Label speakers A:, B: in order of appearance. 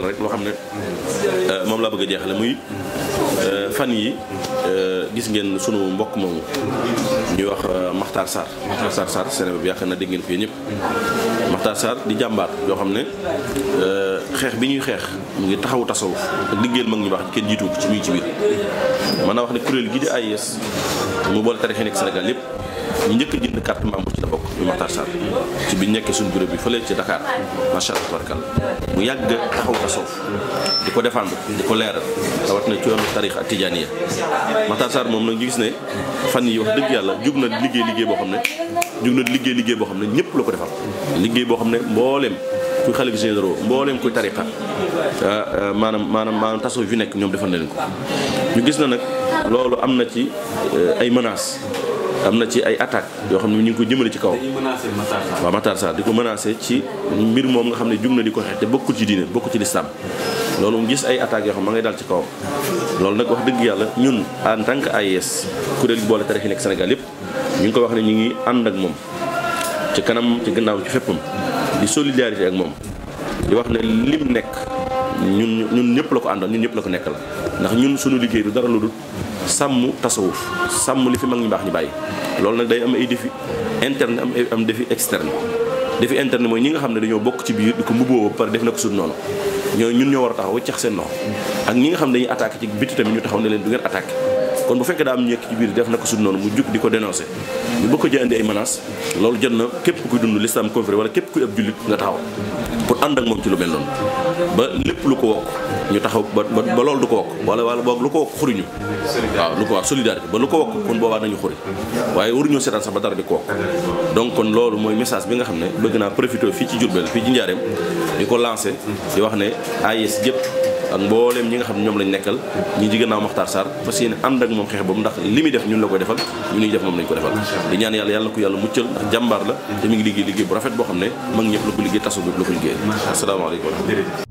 A: jeexal loo xam ne euh, moom laa bëgg a jeexale muy euh, fan yi euh, gis ngeen sunu mbokk moomu ñuy wax Makhtar Sarr Makhtar Sarr Sénégal bi yaakaar na dégg fii ko yéen ñëpp Makhtar Sarr di jàmbaar yoo xam ne xeex bi ñuy xeex mu ngi taxawu tasawuf ak liggéeyal mag ñu wax kenn jiitu ci muy ci biir mën naa wax ne kuréel gi di AIS mu boole tarixe nekk Sénégal yëpp ñu njëkk a jënd carte membre ci la bokk bi Makhtar ci bi nekkee suñu bureau bi fële ci Dakar macha allah mu yàgg taxaw tasawuf di ko défendre di ko leeral rawatina ci yoonu tarix ak tijaaniya Makhtar Sarr moom nag gis ne fan yi wax dëgg yàlla jug na liggéey liggéey boo xam ne jug na liggéey liggéey boo xam ne ñëpp la ko defal liggéey boo xam ne mbooleem kuy xale bi généraux mbooleem kuy tariqa ah, maanaam maanaam maanaam tasoo yu nekk ñoom defal na ko gis na nag loolu am na ci eh, ay menaces am na ci ay attaques yoo xam ne ñu ngi ko jëmale ci kaw waaw Matar Sarr di ko menacé ci mbir moom nga xam ne jug na di ko xeex te bokkul ci diine bokkul ci lislaam loolu mu gis ay attaques yoo xam ma ngay dal ci kawam loolu nag wax dëgg yàlla ñun en tant que AIS kuréel gi boole tarix yi nekk Sénégal yëpp ñu ngi ko wax ne ñu ngi ànd ak moom ci kanam ci gannaaw ci féppam di solidarité ak moom li wax ne lim nekk ñun ñun ñëpp la ko àndal ñun ñëpp la ko nekkal ndax ñun suñu liggéey du dara lu dul sàmm tasawuf sàmm li fi mag ñu baax ñu bàyyi loolu nag day am ay défi interne am am défi externe défi interne mooy ñi nga xam ne dañoo bokk ci biir di ko mbubboo ba pare def na ko suñu noonu ñoo ñun ñoo war a taxaw cax seen loxo ak ñi nga xam ne dañuy attaqué ci biti tamit ñu taxaw ne leen du ngeen attaqué kon bu fekkee daa am ñekk ci biir def na ko sud noonu mu jug di ko dénoncé ñu bëgg ko jël indi ay menaces loolu jot na képp kuy dund l'islam confré wala képp kuy ab jullit nga taxaw pour ànd ak moom ci lu mel noonu ba lépp lu ko wokk ñu taxaw ba ba lool du ko wokk wala wala boog lu ko wokk xuriñu waaw lu ko waaw solidarité ba lu ko wokk kon boobaa nañu xuri waaye waruñoo seetaan sax ba dara di ko wokk donc kon loolu mooy message bi nga xam ne bëgg naa profité fii ci Diourbel fii ci Njaareem di ko lancé di wax ne AIS jëpp ak mbooleem ñi nga xam ne ñoom lañ nekkal ñi jigéen naa Maxtaar Sarr fas yéene ànd ak moom xeex boobu ndax li muy def ñun la koy defal ñu ñuy def moom lañ ko defal di ñaan yàlla yàlla ko yàlla muccal ndax jàmbaar la te mi ngi liggéey liggéey bu rafet boo xam ne mag ñëpp la ko liggéey tasu ñëpp la ko liggéey asalaamaaleykum